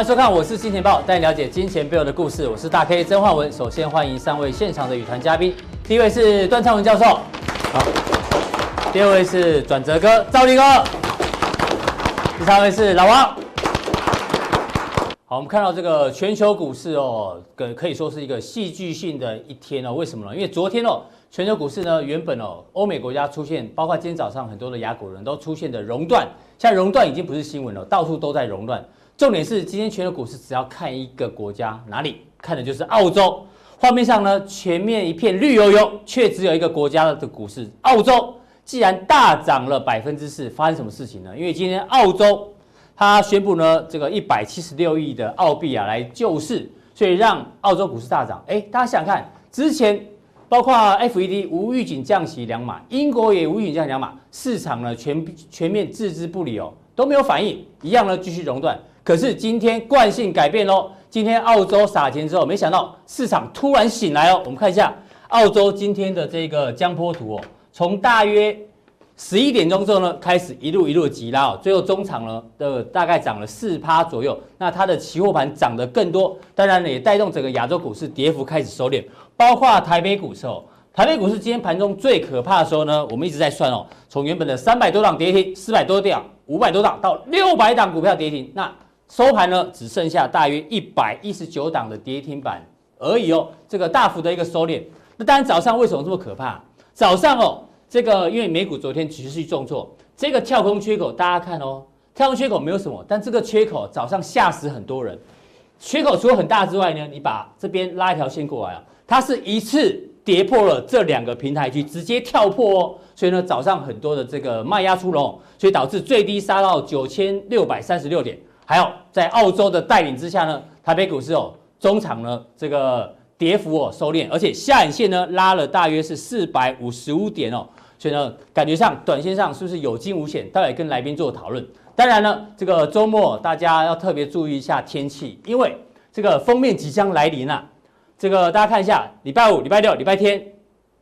歡迎收看，我是金錢爆，帶你了解金錢背後的故事。我是大 K 曾煥文，首先歡迎三位現場的與談嘉賓。第一位是段昌文教授，好；第二位是轉折哥兆立哥；第三位是老王。好，我們看到這個全球股市哦，可可以說是一個戲劇性的一天哦。為什麼呢？因為昨天哦，全球股市呢原本哦，歐美國家出現，包括今天早上很多的亞股人都出現的熔斷，現在熔斷已經不是新聞了，到處都在熔斷。重點是今天全球股市只要看一個國家，哪裡看的就是澳洲。畫面上呢，全面一片綠油油，卻只有一個國家的股市，澳洲。既然大漲了百分之四，發生什麼事情呢？因為今天澳洲它宣布呢，這個一百七十六億的澳幣啊來救市，所以讓澳洲股市大漲。哎、欸，大家想想看，之前包括 F E D 無預警降息兩碼，英國也無預警降息兩碼，市場呢全全面置之不理哦，都沒有反應，一樣呢繼續熔斷。可是今天慣性改變嘍，今天澳洲撒錢之後，沒想到市場突然醒來哦。我們看一下澳洲今天的這個江波圖哦，從大約十一點鐘之後呢，開始一路一路的急拉哦，最後中場呢的大概漲了四趴左右。那它的期貨盤漲得更多，當然呢也帶動整個亞洲股市跌幅開始收斂，包括台北股市哦。台北股市今天盤中最可怕的時候呢，我們一直在算哦，從原本的三百多檔跌停，四百多檔、五百多檔到六百檔股票跌停，那收盤呢，只剩下大約一百一十九檔的跌停板而已哦，這個大幅的一個收斂。那當然早上為什麼這麼可怕？早上哦，這個因為美股昨天持續重挫，這個跳空缺口大家看哦，跳空缺口沒有什麼，但這個缺口早上嚇死很多人。缺口除了很大之外呢，你把這邊拉一條線過來啊，它是一次跌破了這兩個平台區直接跳破哦。所以呢，早上很多的這個賣壓出籠，所以導致最低殺到九千六百三十六點。還有，在澳洲的帶領之下呢，台北股市哦，中場呢，這個跌幅哦收斂，而且下影線呢拉了大約是四百五十五點哦，所以呢，感覺上短線上是不是有驚無險？待會跟來賓做討論。當然呢，這個周末、哦、大家要特別注意一下天氣，因為這個鋒面即將來臨了、啊。這個大家看一下，禮拜五、禮拜六、禮拜天、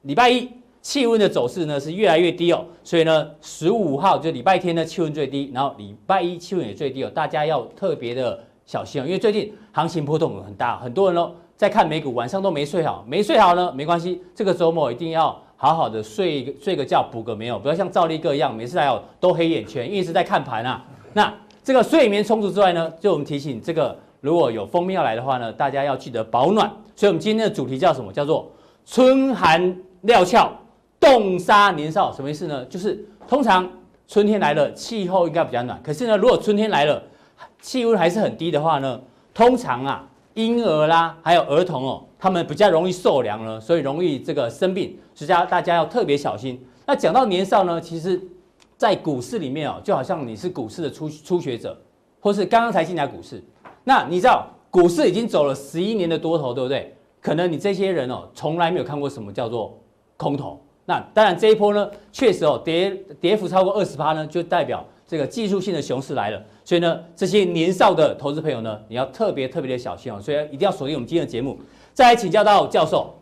禮拜一。氣溫的走勢呢是越來越低哦，所以呢十五號就禮拜天呢氣溫最低，然後禮拜一氣溫也最低哦，大家要特別的小心哦，因為最近行情波動很大，很多人呢在看美股，晚上都沒睡好，沒睡好呢沒關係，這個週末一定要好好的睡一個睡個覺補個眠哦，不要像兆立哥一樣每次來哦，都黑眼圈，一直在看盤啊。那這個睡眠充足之外呢，就我們提醒這個如果有鋒面要來的話呢，大家要記得保暖。所以我們今天的主題叫什麼？叫做春寒料峭。凍殺年少什麼意思呢？就是通常春天來了，氣候應該比較暖。可是呢，如果春天來了，氣溫還是很低的話呢，通常啊，嬰兒啦，還有兒童哦，他們比較容易受涼了，所以容易這個生病。所以大家要特別小心。那講到年少呢，其實，在股市裡面哦，就好像你是股市的初初學者，或是剛剛才進來股市，那你知道股市已經走了十一年的多頭，對不對？可能你這些人哦，從來沒有看過什麼叫做空頭。那當然，這一波呢，確實哦，跌跌幅超過二十趴呢，就代表這個技術性的熊市來了。所以呢，這些年少的投資朋友呢，你要特別特別的小心哦。所以一定要鎖定我們今天的節目。再來請教到教授，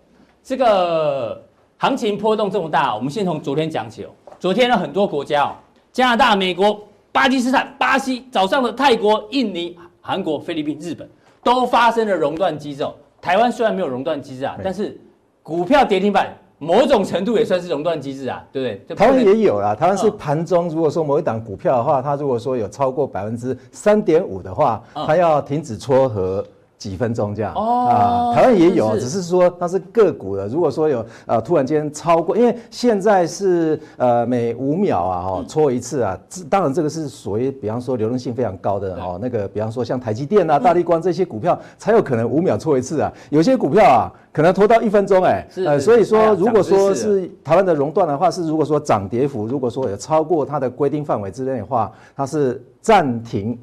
這個行情波動這麼大，我們先從昨天講起哦。昨天呢，很多國家哦，加拿大、美國、巴基斯坦、巴西、早上的泰國、印尼、韓國、菲律賓、日本，都發生了熔斷機制哦。台灣雖然沒有熔斷機制啊，沒但是股票跌停板。某種程度也算是熔斷機制啊，對不對？台灣也有啦，台灣是盤中，如果說某一檔股票的話，嗯、它如果說有超過百分之三點五的話，它要停止撮合。幾分鐘這樣啊、oh, 呃，台灣也有，是是只是說它是個股的。如果說有呃突然間超過，因為現在是呃每五秒啊哦撮一次啊，嗯、當然這個是屬於比方說流動性非常高的對 哦，那個比方說像台積電啊、大立光這些股票才有可能五秒撮一次啊。嗯、有些股票啊可能拖到一分鐘哎、欸，是是是呃，所以說如果說是台灣的熔斷的話，是如果說漲跌幅如果說有超過它的規定範圍之內的話，它是暫停。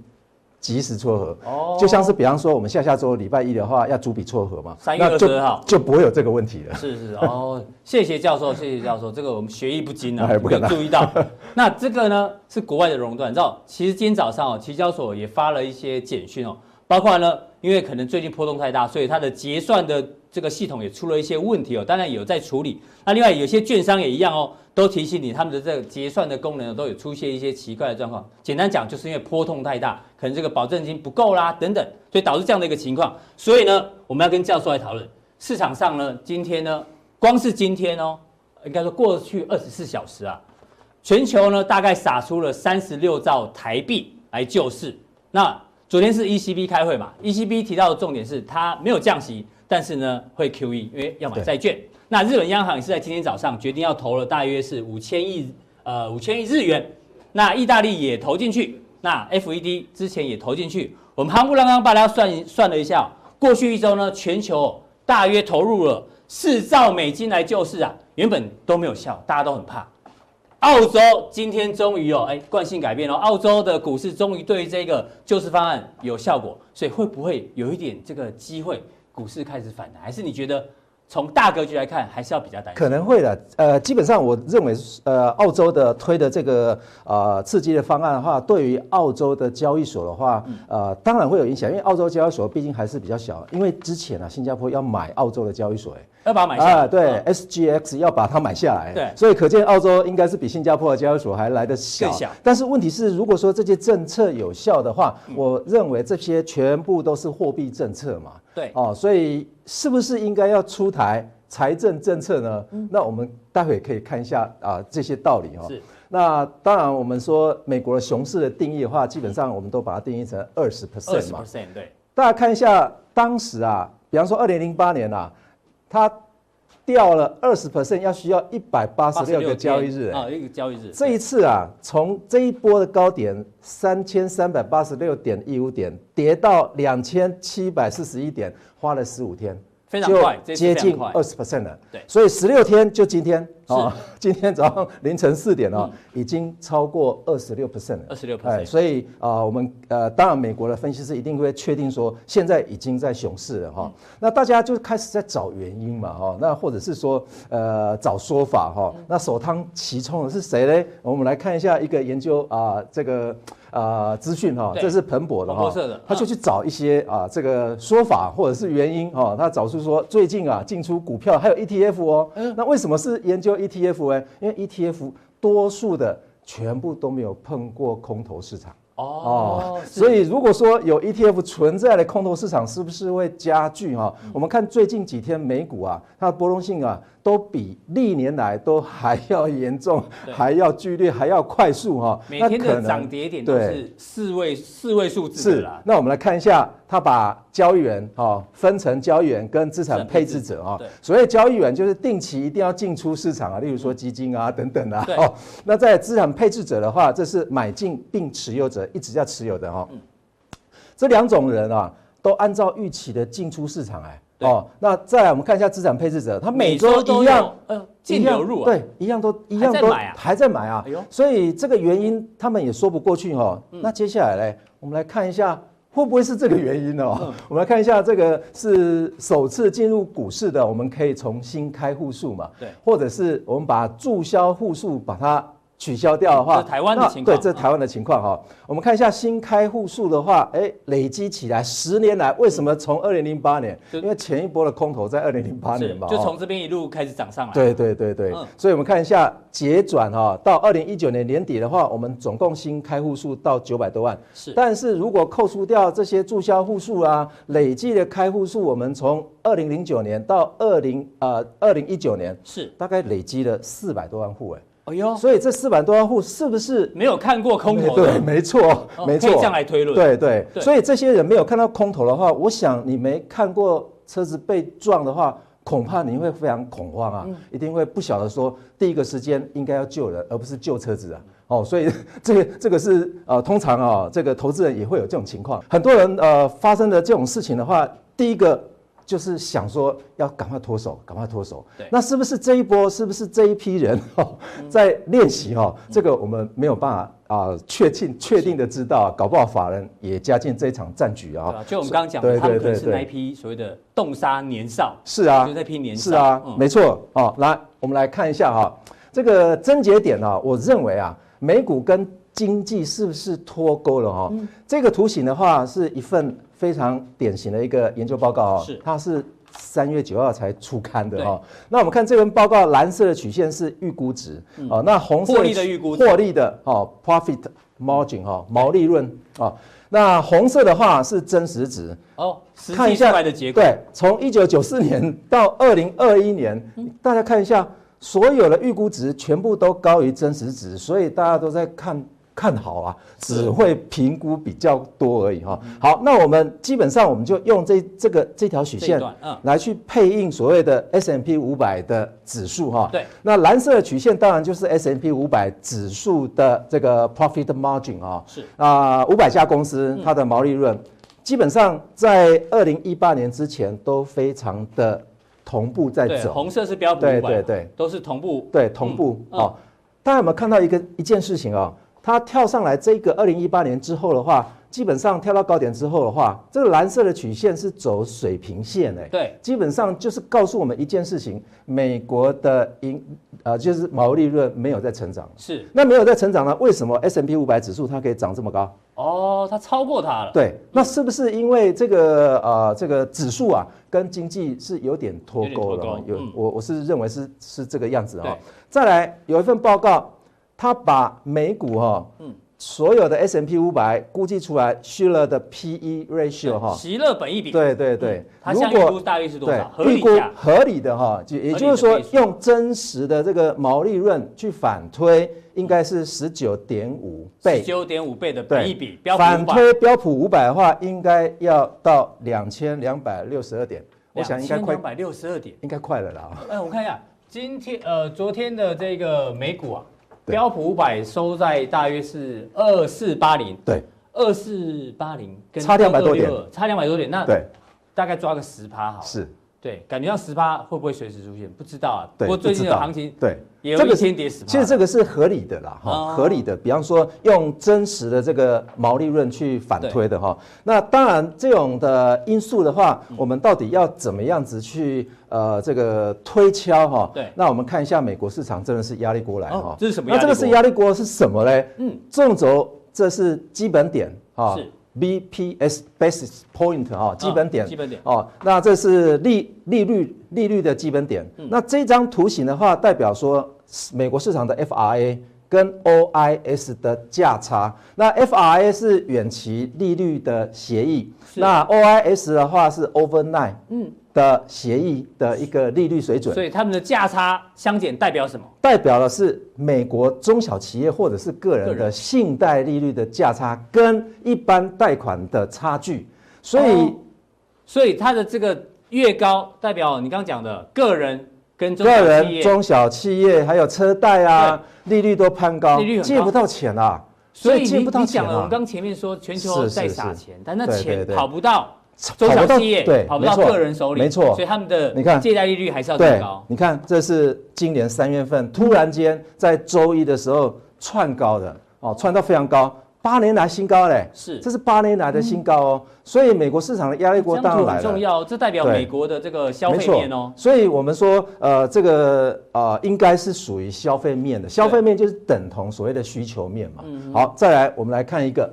及時撮合哦，oh, 就像是比方說，我們下下周禮拜一的話要逐筆撮合嘛，三月，那就就不會有這個問題了。是是，是哦，謝謝教授，謝謝教授，這個我們學藝不精啊，還沒有注意到。 那這個呢是國外的熔斷，你知道？其實今天早上哦，期交所也發了一些簡訊哦，包括呢，因為可能最近波動太大，所以它的結算的。這個系統也出了一些問題哦，當然也有在處理。那另外有些券商也一樣哦，都提醒你他們的這個結算的功能都有出現一些奇怪的狀況。簡單講，就是因為波動太大，可能這個保證金不夠啦等等，所以導致這樣的一個情況。所以呢，我們要跟教授來討論。市場上呢，今天呢，光是今天哦，應該說過去二十四小時啊，全球呢大概撒出了三十六兆台幣來救市。那昨天是 ECB 開會嘛，ECB 提到的重點是它沒有降息，但是呢，會 QE，因為要買債券。對那日本央行也是在今天早上決定要投了，大約是五千億呃五千億日元。那意大利也投進去，那 FED 之前也投進去。我們夯不啷噹把它算算了一下、哦，過去一周呢，全球、哦、大約投入了四兆美金來救市啊，原本都沒有效，大家都很怕。澳洲今天終於哦，哎慣性改變了、哦，澳洲的股市終於對於這個救市方案有效果，所以會不會有一點這個機會？股市開始反彈，還是你覺得？從大格局來看，還是要比較擔心的。可能會的，呃，基本上我認為，呃，澳洲的推的這個呃刺激的方案的話，對於澳洲的交易所的話，嗯、呃，當然會有影響，因為澳洲交易所畢竟還是比較小。因為之前啊，新加坡要買澳洲的交易所誒，要把它買下來，啊、對，嗯、SGX 要把它買下來，對，所以可見澳洲應該是比新加坡的交易所還來得小。更小。但是問題是，如果說這些政策有效的話，嗯、我認為這些全部都是貨幣政策嘛，對，哦，所以。是不是應該要出台財政政策呢？那我們待會可以看一下啊，這些道理哈、哦。是那當然我們說美國的熊市的定義的話，基本上我們都把它定義成二十 percent 嘛。二十 percent，對。大家看一下當時啊，比方說二零零八年啊，它。掉了二十 percent，要需要一百八十六個交易日。啊，一個交易日。這一次啊，從這一波的高點三千三百八十六點一五點，跌到兩千七百四十一點，花了十五天。非常快就接近二十 percent 了，對，所以十六天就今天啊是、哦，今天早上凌晨四點啊、哦，嗯、已經超過二十六 percent 了，二十六 percent。所以啊、呃，我們呃，當然美國的分析師一定會確定說，現在已經在熊市了哈。哦嗯、那大家就是開始在找原因嘛，哈、哦，那或者是說呃找說法哈。哦嗯、那首當其衝的是誰呢？我們來看一下一個研究啊、呃，這個。啊、呃，資訊哈、哦，對這是彭博的哈、哦，的啊、他就去找一些啊，這個說法或者是原因哈、哦，他找出說最近啊進出股票還有 ETF 哦，咦那為什麼是研究 ETF 呢？因為 ETF 多數的全部都沒有碰過空頭市場哦，哦是所以如果說有 ETF 存在的空頭市場，是不是會加劇哈、哦？嗯、我們看最近幾天美股啊，它的波動性啊。都比歷年來都還要嚴重，對還要劇烈，還要快速哈、哦。每天的漲跌點，點都是四位對四位數字啦是啦，那我們來看一下，他把交易員哦，分成交易員跟資產配置者啊、哦。所謂交易員就是定期一定要進出市場啊，例如說基金啊、嗯、等等啊。對哦、那在資產配置者的話，這是買進並持有者一直要持有的哈、哦。嗯、這兩種人啊，都按照預期的進出市場哎。對哦，那再來我們看一下資產配置者，他每周都一樣呃淨、哎、流入、啊，對，一樣都一樣都還在買啊，所以這個原因他們也說不過去哦，嗯、那接下來嘞，我們來看一下會不會是這個原因哦？嗯、我們來看一下這個是首次進入股市的，我們可以重新開戶數嘛？對，或者是我們把註銷戶數把它，取消掉的話，嗯、台灣的情況。對，這台灣的情況哈。嗯、我們看一下新開戶數的話，哎，累積起來十年來，為什麼從二零零八年？嗯、因為前一波的空頭在二零零八年嘛，就從這邊一路開始漲上來對。對對對對。對嗯、所以我們看一下結轉哈，到二零一九年年底的話，我們總共新開戶數到九百多萬。是。但是如果扣除掉這些註銷戶數啊，累計的開戶數，我們從二零零九年到二零呃二零一九年是大概累積了四百多萬戶、欸，哎呦，所以這四百多萬戶是不是沒有看過空頭的？對，對，沒錯，沒錯，哦、可以這樣來推論。對對，所以這些人沒有看到空頭的對的話，我想你沒看過車子被撞的話，恐怕你會非常恐慌啊，嗯、一定會不曉得說第一個時間應該要救人而不是救車子啊。哦，所以這個、這個是呃，通常啊、哦，這個投資人也會有這種情況。很多人呃發生的這種事情的話，第一個。就是想說要趕快脫手，趕快脫手。對那是不是這一波，是不是這一批人哈、哦嗯、在練習哈？嗯、這個我們沒有辦法啊，確確確定的知道，搞不好法人也加進這一場戰局、哦、啊。就我們剛剛講的，他們可能是那一批所謂的凍殺年少。對對對對，就是啊，那批年少。是啊，是啊嗯、沒錯啊、哦。來，我們來看一下哈、哦，這個癥結點呢、哦，我認為啊，美股跟經濟是不是脫鈎了？哈，這個圖形的話是一份非常典型的一個研究報告啊、哦。是 它是三月九號才出刊的、哦、對 那我們看這份報告，藍色的曲線是預估值啊、哦，嗯、那紅色獲利的預估值，獲，獲利的哦，profit margin 哦毛利潤、哦嗯、那紅色的話是真實值哦，看一下的結果對，從一九九四年到二零二一年，大家看一下，所有的預估值全部都高於真實值，所以大家都在看。看好啊，只會評估比較多而已哈、哦。好，那我們基本上我們就用這這個這條曲線來去配應所謂的 S&P 五百的指數哈、哦。對那藍色的曲線當然就是 S&P 五百指數的這個 profit margin 啊、哦。是。啊、呃，五百家公司它的毛利潤基本上在二零一八年之前都非常的同步在走。紅色是標普五百對對對，對對都是同步。對，同步哦。嗯、大家有沒有看到一個一件事情啊、哦？它跳上來，這個二零一八年之後的話，基本上跳到高點之後的話，這個藍色的曲線是走水平線誒。對，基本上就是告訴我們一件事情：美國的盈，呃，就是毛利潤沒有在成長。是。那沒有在成長呢？為什麼 S&P 五百指數它可以漲這麼高？哦，它超過它了。對，嗯、那是不是因為這個呃，這個指數啊，跟經濟是有點脫鈎了、哦？有點脫鉤，有，我、嗯、我是認為是是這個樣子啊、哦。對。再來，有一份報告。他把美股哈，嗯，所有的 S&P 五百估計出來，席勒的 P E ratio 哈，席勒本益比，對對對，如果大約是多少？預估合理的哈，就也就是說用真實的這個毛利潤去反推，應該是十九點五倍，十九點五倍的本益比，反推標普五百的話，應該要到兩千兩百六十二點，我想應該快兩百六十二點，應該快了啦。哎，我看一下今天呃，昨天的這個美股啊。對標普五百收在大約是二四八零。對，二四八零，差兩百多點，二六零零。差兩百多點，那對，大概抓個十趴好。對是。對，感覺上10%會不會隨時出現？不知道啊。對，最近的行情對，也個先跌10%。其實這個是合理的啦，哈，合理的。比方說用真實的這個毛利潤去反推的哈。那當然，這種的因素的話，我們到底要怎麼樣子去呃這個推敲哈？對。那我們看一下美國市場，真的是壓力鍋來哈。這是什麼壓力？那這個是壓力鍋是什麼嘞？嗯，縱軸這是基本點哈。BPS basis point 啊、哦，基本點，基本點哦。那這是利利率利率的基本點。嗯、那這張圖形的話，代表說美國市場的 FRA 跟 OIS 的價差。那 FRA 是遠期利率的協議，是那 OIS 的話是 overnight。嗯。的協議的一個利率水準，所以他們的價差相減代表什麼？代表的是美國中小企業或者是個人的信貸利率的價差跟一般貸款的差距。所以，哎、所以它的這個越高，代表你剛、剛講的個人跟個人中小企業、小企業還有車貸啊，對利率都攀高，利率高借不到錢啊。所以你講、啊、了，我們剛前面說全球在撒錢，是是是，但那錢跑不到，對對對。跑不到中小企業對錯跑不到個人手裡，沒錯，所以他們的你看借貸利率還是要增高你。你看，這是今年三月份突然間在周一的時候竄高的哦，竄到非常高，八年來新高嘞。是，這是八年來的新高哦。嗯、所以美國市場的壓力鍋當然很重要。這代表美國的這個消費面哦。所以我們說，呃，這個呃，應該是屬於消費面的。對消費面就是等同所謂的需求面嘛。嗯、哼好，再來我們來看一個，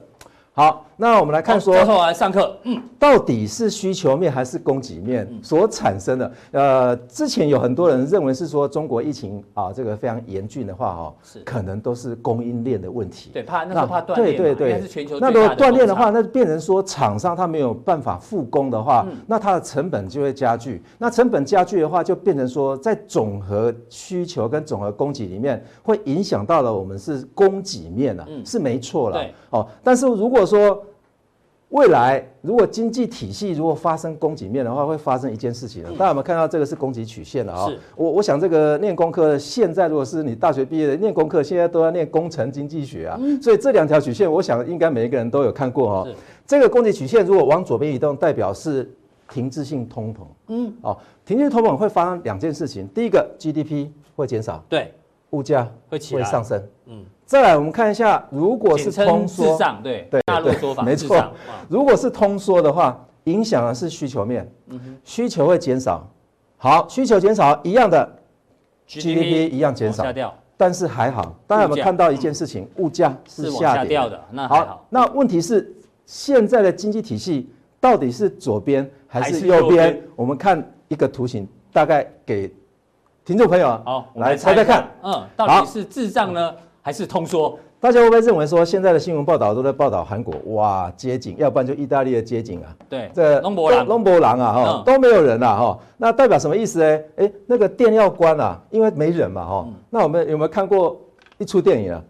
好。那我們來看說，來上課，嗯，到底是需求面還是供給面所產生的？呃，之前有很多人認為是說中國疫情啊，這個非常嚴峻的話，哦，可能都是供應鏈的問題，對，怕那怕斷鏈，對那是全球那如果斷鏈的話，那就變成說廠商他沒有辦法復工的話，那它的成本就會加劇。那成本加劇的話，就變成說在總和需求跟總和供給裡面，會影響到了我們是供給面了，啊，是沒錯了，哦，但是如果說。未來如果經濟體系如果發生供給面的話，會發生一件事情、啊。嗯、大家有沒有看到這個是供給曲線的啊、哦？是我我想這個念工科現在如果是你大學畢業的念工科，現在都要念工程經濟學啊。嗯、所以這兩條曲線，我想應該每一個人都有看過哈、哦。是這個供給曲線如果往左邊移動，代表是停滯性通膨。嗯。哦，停滯性通膨會發生兩件事情。第一個 GDP 會減少。對。物價會起來上升。會嗯。再來，我們看一下，如果是通縮，對對對，大陸說法，沒錯。如果是通縮的話，影響的是需求面，需求會減少。好，需求減少一樣的，GDP 一樣減少，但是還好，大家有沒有看到一件事情？物價是下跌的。那好，那問題是現在的經濟體系到底是左邊還是右邊？我們看一個圖形，大概給聽眾朋友啊，好，來猜猜看，嗯，到底是滯脹呢？還是通說，大家會不會認為說現在的新聞報道都在報道韓國？哇，街景，要不然就意大利的街景啊？對，這龍博蘭，龍博蘭啊，哈，都沒有人了，哈，那代表什麼意思呢？哎，那個店要關了，因為沒人嘛，哈。那我們有沒有看過一出電影啊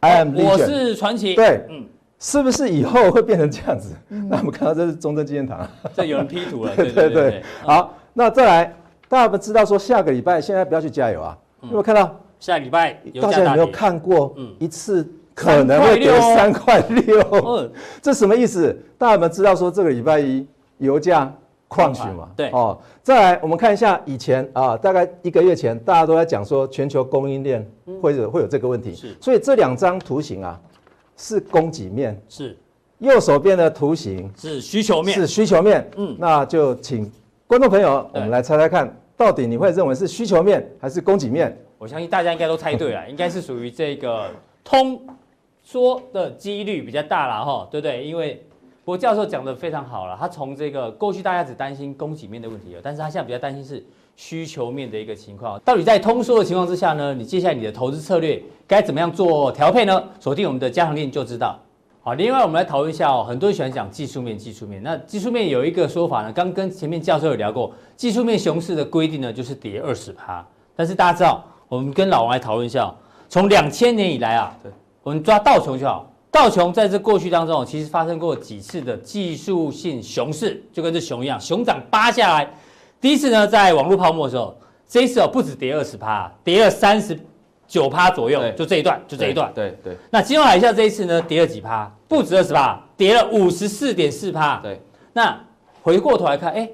？I am 我是傳奇。對，嗯，是不是以後會變成這樣子？那我們看到這是中正紀念堂，這有人 P 圖了，對對對。好，那再來，大家不知道說下個禮拜現在不要去加油啊？有沒有看到？下禮拜大家有沒有看過？一次可能會跌三塊六，嗯，三塊六，嗯、這什麼意思？大家有沒有知道說這個禮拜一油價、狂瀉嘛？對哦，再來我們看一下以前啊、呃，大概一個月前大家都在講說全球供應鏈會有、嗯、會有這個問題，是。所以這兩張圖形啊，是供給面，是右手邊的圖形是需求面，是需求面，嗯，那就請觀眾朋友我們來猜猜看，對到底你會認為是需求面還是供給面？嗯我相信大家應該都猜對了，應該是屬於這個通縮的幾率比較大了哈，對不對？因為博教授講得非常好了，他從這個過去大家只擔心供給面的問題，但是他現在比較擔心是需求面的一個情況。到底在通縮的情況之下呢，你接下來你的投資策略該怎麼樣做調配呢？鎖定我們的加強錠就知道。好，另外我們來討論一下哦，很多人喜歡講技術面，技術面。那技術面有一個說法呢，剛跟前面教授有聊過，技術面熊市的規定呢就是跌二十趴，但是大家知道。我們跟老王來討論一下、哦，從兩千年以來啊，對，我們抓道瓊就好。道瓊在這過去當中，其實發生過幾次的技術性熊市，就跟這熊一樣，熊掌扒下來。第一次呢，在網絡泡沫的時候，這一次哦，不止跌二十趴，跌了三十九趴左右，就這一段，就這一段。對對。那金融海嘯這一次呢跌，跌了幾趴？不止二十趴，跌了五十四點四趴。對。那回過頭來看、哎，誒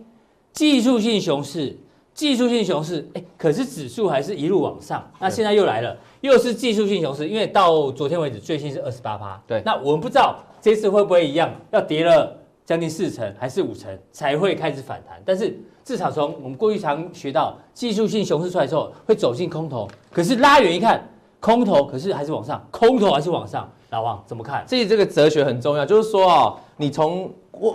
技術性熊市。技術性熊市，哎，可是指數還是一路往上。那現在又來了，對又是技術性熊市，因為到昨天為止，最新是二十八趴。對，那我們不知道這次會不會一樣，要跌了將近四成還是五成才會開始反彈。但是至少從我們過去常學到，技術性熊市出來之後會走進空頭，可是拉遠一看，空頭可是還是往上，空頭還是往上。老王怎麼看？所以這個哲學很重要，就是說哦，你從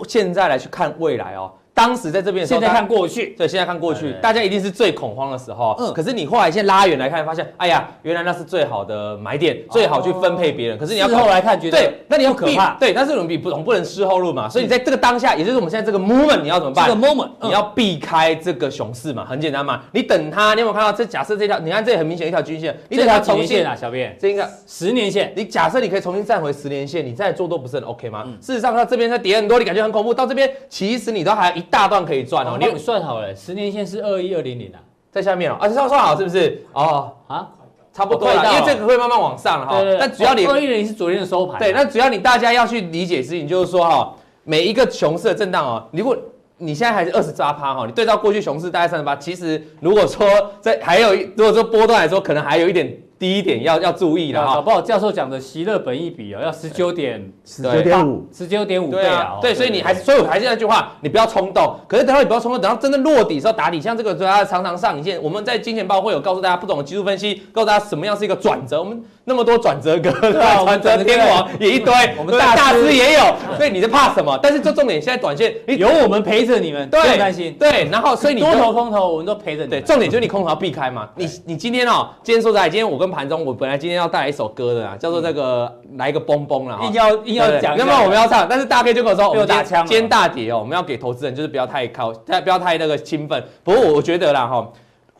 現在來去看未來哦。當時在這邊，現在看過去，對，現在看過去，大家一定是最恐慌的時候。嗯。可是你後來先拉遠來看，發現，哎呀，原來那是最好的買點，最好去分配別人。可是你要靠來看，覺得對，那你要可怕。對，但是我們比不同，不能事後論嘛。所以你在這個當下，也就是我們現在這個 moment，你要怎麼辦？這個 moment，你要避開這個熊市嘛？很簡單嘛，你等它。你有沒有看到？這假設這條，你看這很明顯一條均線，一條重線啊，小編？這應該十年線。你假設你可以重新站回十年線，你再做都不是很 OK 嗎？事實上，它這邊在跌很多，你感覺很恐怖。到這邊，其實你都還一。大段可以賺哦，你算好了，十年線是二一二零零啊，在下面哦，而且算算好是不是？哦啊，差不多了，因為這個會慢慢往上了哈。但只要你，二一二零是昨天的收盤。對，那只要你大家要去理解事情，就是說哈，每一個熊市的震盪哦，如果你現在還是二十八趴哈，你對照過去熊市大概三十八，其實如果說在還有，如果說波段來說，可能還有一點。第一點要要注意了哈，好不好？教授講的席勒本益比哦，要十九點十九點五十九點五倍啊，對，所以你還，是，所以我還是那句話，你不要衝動。可是等到你不要衝動，等到真的落底時候打底，像這個說要常常上線，我們在金錢爆會有告訴大家不懂的技術分析，告訴大家什麼樣是一個轉折，我們那麼多轉折歌，轉折天王也一堆，我們大大師也有，所以你在怕什麼？但是這重點現在短線，哎，有我們陪着你們，對，不用擔心，對。然後所以你多頭空頭我們都陪着，對，重點就是你空頭避開嘛，你你今天哦，今天說實在，今天我跟。盤中，我本來今天要帶來一首歌的，叫做這個、嗯、來一個蹦蹦啦，硬要硬要講，那麼我們要唱，但是大 K 就跟我說，我打槍了，大跌哦、喔，我們要給投資人就是不要太靠，太不要太那個興奮，不過我覺得啦哈。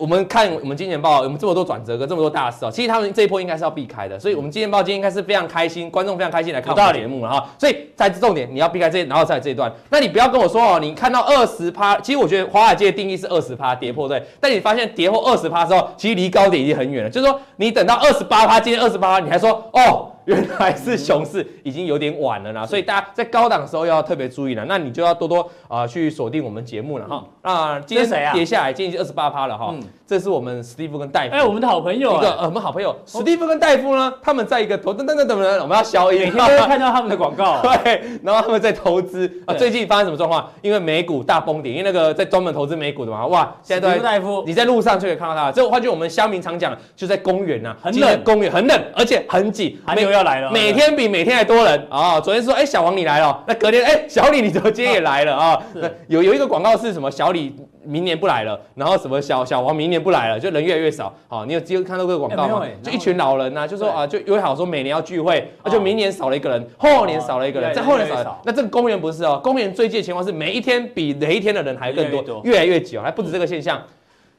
我們看我們金錢爆，我們這麼多轉折，跟這麼多大事，其實他們這一波應該是要避開的，所以，我們金錢爆今天應該是非常開心，觀眾非常開心來看我的節目了哈，所以才是重點，你要避開這，然後在這一段，那你不要跟我說哦，你看到二十趴，其實我覺得華爾街的定義是二十趴跌破對，但你發現跌破二十趴之後，其實離高點已經很遠了，就是說你等到二十八趴，今天二十八趴，你還說哦。原來是熊市，已經有點晚了啦，所以大家在高檔的時候要特別注意了。那你就要多多啊去鎖定我們節目了哈。那今天誰跌下來？今天已經二十八趴了哈。這是我們史蒂夫跟戴夫。哎，我們的好朋友一個，我們好朋友史蒂夫跟戴夫呢，他們在一個投等等等等，我們要消音每天看到他們的廣告。對，然後他們在投資啊。最近發生什麼狀況？因為美股大崩頂，因為那個在專門投資美股的嘛。哇，現在都戴夫，你在路上就可以看到他。這個話就我們鄉民常講，就在公園吶，很冷公園，很冷，而且很擠，沒有。要來了，每天比每天還多人啊、哦！昨天說，哎、欸，小王你來了，那隔天，哎、欸，小李你怎麼今天也來了啊？哦、有有一個廣告是什麼？小李明年不來了，然後什麼小小王明年不來了，就人越來越少。好、哦，你有機會看到這個廣告嗎？就一群老人吶、啊，就說啊，對就約好說每年要聚會，那、哦、就明年少了一個人，後年少了一個人，哦、再後年少了。越來越少。那這個公園不是哦，公園最近的情況是每一天比哪一天的人還更多，越來越擠啊、哦！還不止這個現象，嗯、